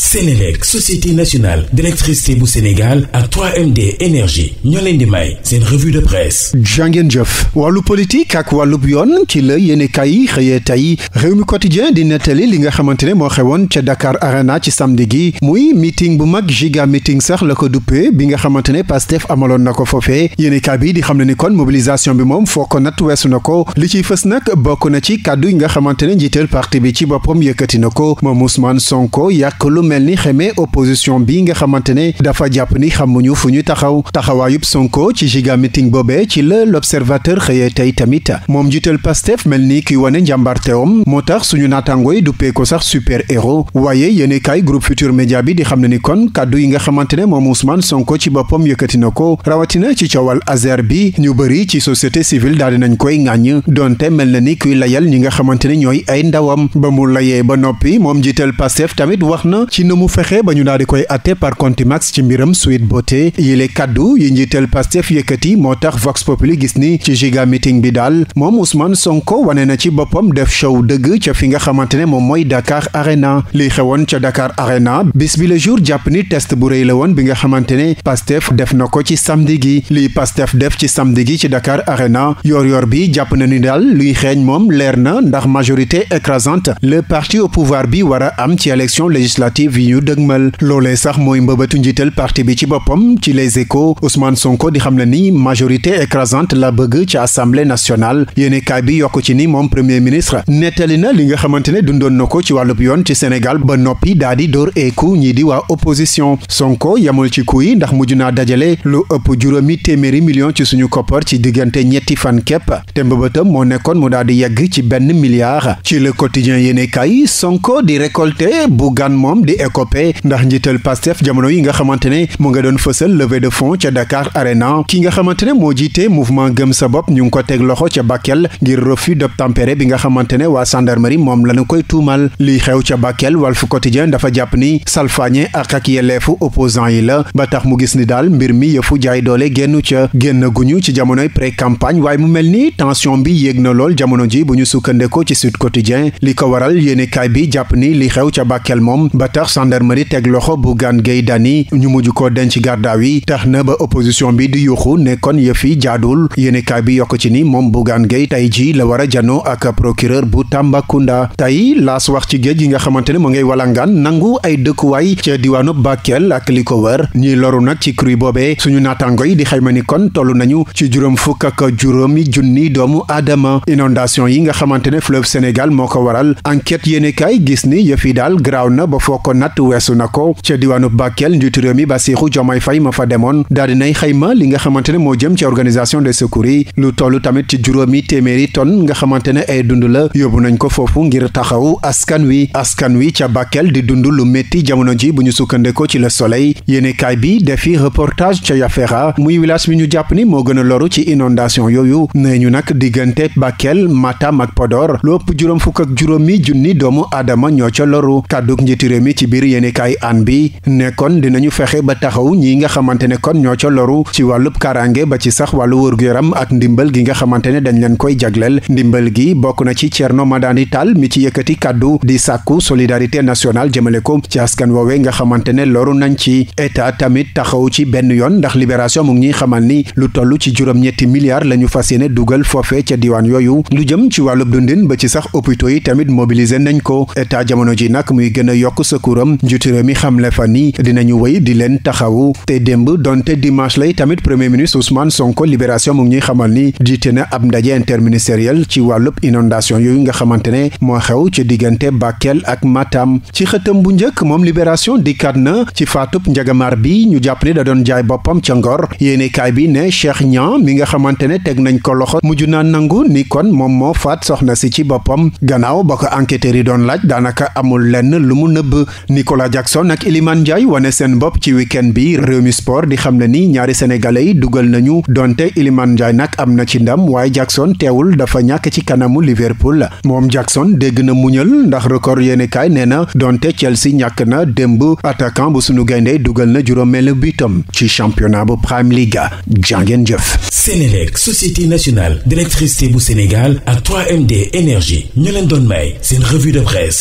Sénélec société nationale d'électricité bu Sénégal ak 3 énergie ñoo leen di may seen revue de presse jàngeen jëf wàllu politique ak wàllub yoon ci la yéene yi xëyee tey réew mi quotidien di nettali li nga xamante ne moo xewoon ca Dakar Arena ci samedi gi muy meeting bu mag giga meeting sax la ko duppee bi nga xamante ne Pastef amaloon na ko foofe yéene kaay bi di xam ne ni kon mobilisation bi moom foo ko nat weesu na ko li ciy fës nag bokk na ci kàddu yi nga xamante ne njiital parti bi ci boppam yëkkati na ko moom Ousmane Sonko yàqlu mel ni xamee opposition bi nga xamante ne dafa jàpp ni xamuñu fu ñu taxaw taxawaayub Sonko ci giga meeting boobee ci la l'observateur xëyee tey tamit moom jiital Pastef mel ni ki wane njàmbarteewam moo tax suñu naataango yi duppee sax super héros waaye yéene kaay groupe Futur Média bi di xam na ni kon kàddu yi nga xamante ne moom Ousmane Sonko ci boppam yëkkati na ko rawatina ci coowal Azer bi ñu bëri ci société civile daal dinañ koy ŋàññ donte mel na ni kuy layal ñi nga xamante ne ñooy ay ndawam ba mu ba noppi ci na mu fexe ba ñu daal di koy atte par contumace ci mbiram Sweet Beauté yile kàddu yi njiital Pastef yëkkati moo tax Vox Populi gis ni ci giga meeting bi daal moom Ousmane Sonko wane na ci boppam def show dëgg ca fi nga xamante ne moom mooy Dakar Arena li xewoon ca Dakar Arena bis jour jàpp ni test bu rëy la woon bi nga xamante ne Pastef def na ko ci samedi gi li Pastef def ci samedi gi ci Dakar Arena yor yor bi jàpp na ni daal luy xeeñ moom leer na ndax majorité écrasante le parti bi war a am ci élection législative yu dëgmal loolee sax mooy mbëbatu njiital parti bi ci boppam ci les échos Ousmane Sonko di xam ne ni majorité écrasante la bëgg ci assemblée nationale yéene kaay bi yokk ci ni moom premier ministre nettali na li nga xamante ne dundoon na ko ci wàllub yoon ci Sénégal ba noppi daa di dóor eeku ñii di waa opposition Sonko yamul ci kuy ndax mujj naa dajale lu ëpp juróomi téeméeri million ci suñu koppar ci diggante ñetti fan képp te mbëbëtam moo nekkoon mu daal di yegg ci benn milliard ci le quotidien yéene kaay Sonko di récolter bu gan moom di écopé ndax njiital Pastef jamono yi nga xamante ne mu nga doon fësal levée de fonds ca Dakar Arena ki nga xamante ne moo jiite mouvement gëm sa bopp ñu ngi ko teg loxo ca Bakel ngir refus d'obtempérer bi nga xamante ne waa gendarmerie moom lañu koy tuumal liy xew ca Bakel Walf Quotidien dafa jàpp ni salfaañe ak ak yelleefu opposant yi la ba tax mu gis ni daal mbir mi yëfu jaay doole génnu ca génn ñu ci jamonoy pré-campagne waaye mu mel ni tension bi yéeg na lool jamono ji bu ñu sukkandekoo ci Sud Quotidien li ko waral yéenekaay bi jàpp li xew ca Bakel tax gendarmerie teg loxo Bougane Gueye Dany ñu mujj koo denc gardaaw yi tax na ba opposition bi di yuuxu ne kon yëf yi jaadul yéenekaay bi yokk ci ni moom bu Bougane Gueye tey ji la war a janoo ak procureur bu Tambacounda tey laas wax ci géej yi nga xamante ne mu ngay walangaan nangu ay dëkkuwaay ca diwaanu Bakel ak li ko wër ñiy loru nag ci cru boobee suñu naataango yi di xayma ni kon toll nañu ci juróom fukk ak juróomi junni doomu aadama inondation yi nga xamante ne fleuve Sénégal ko ko natt weesu na ko ca diwaanu Bakel njiitu réew mi Bassirou Diomaye Faye ma fa demoon daal dinay xayma li nga xamante ne moo jëm ci organisation des secours yi lu tollu tamit ci juróomi téeméeri tonne nga xamante ne ay dund la yóbbu nañ ko foofu ngir taxaw askan wi askan wi ca Bakel di dund lu métti jamono ji bu ñu sukkandekoo ci la Soleil yéene kaay bi defi reportage ca Yafeera muy village bi ñu jàpp ni moo gën a loru ci inondation yooyu nee ñu nag diggante Bakel Matam ak Podor lu juróom fukk juróomi junni doomu aadama ñoo ca loru kàdduk njiitu réew mi ci biir yéenekaay an bi ne kon dinañu fexe ba taxaw ñii nga xamante ne kon ñoo ca loru ci wàllub kaaraange ba ci sax wàllu wërgu-yaram ak ndimbal gi nga xamante ne dañ leen koy jagleel ndimbal gi bokk na ci Thierno Madani taal mi ci yëkkati kàddu di sàkku solidarité nationale jëmale ko ci askan woowee nga xamante ne loru nañ ci état tamit taxaw ci benn yoon ndax libération mu ngi ñuy xamal ni lu toll ci juróom-ñetti milliards la ñu fas yéene dugal foofe ca diwaan yooyu ci wàllub dundin ba ci sax hôpitaux yi tamit mobiliser nañ ko état jamono ji nag muy gën a yokk discours am njiitu réew mi xam le fan yi dinañu wéy di leen taxawu te démb donte dimanche lay tamit premier ministre Ousmane Sonko libération mu ngi ñuy xamal ni jiite na ab ndaje interministériel ci wàllub inondation yooyu nga xamante moo xew ci diggante Bakel ak Matam ci xëtam bu njëkk moom libération dikkaat na ci faatub njagamaar bi ñu jàpp ne da doon jaay boppam ca Ngor yéene kaay bi ne Cheikh Niang mi nga xamante ne teg nañ ko loxo mujj na nangu ni kon moom moo faat soxna si ci boppam gannaaw Nicolas Jackson ak Iliman Ndiaye wane seen bopp ci week bi Rewmi Sport di xam ne ni ñaari sénégalais yi dugal nañu donte Iliman Ndiaye nag am na ci ndam waaye Jackson teewul dafa ñàkk ci kanamu Liverpool moom Jackson dégg na muñal ndax record yéenekaay nee na donte Chelsea ñàkk na démb attaquant bu sunu gayndee dugal na juróom juróomeelu bitam ci championnat bu Prime liga jàngeen jëf. Sénélec société nationale d'électricité bu Sénégal ak 3MD énergie ñu leen doon may seen revue de presse.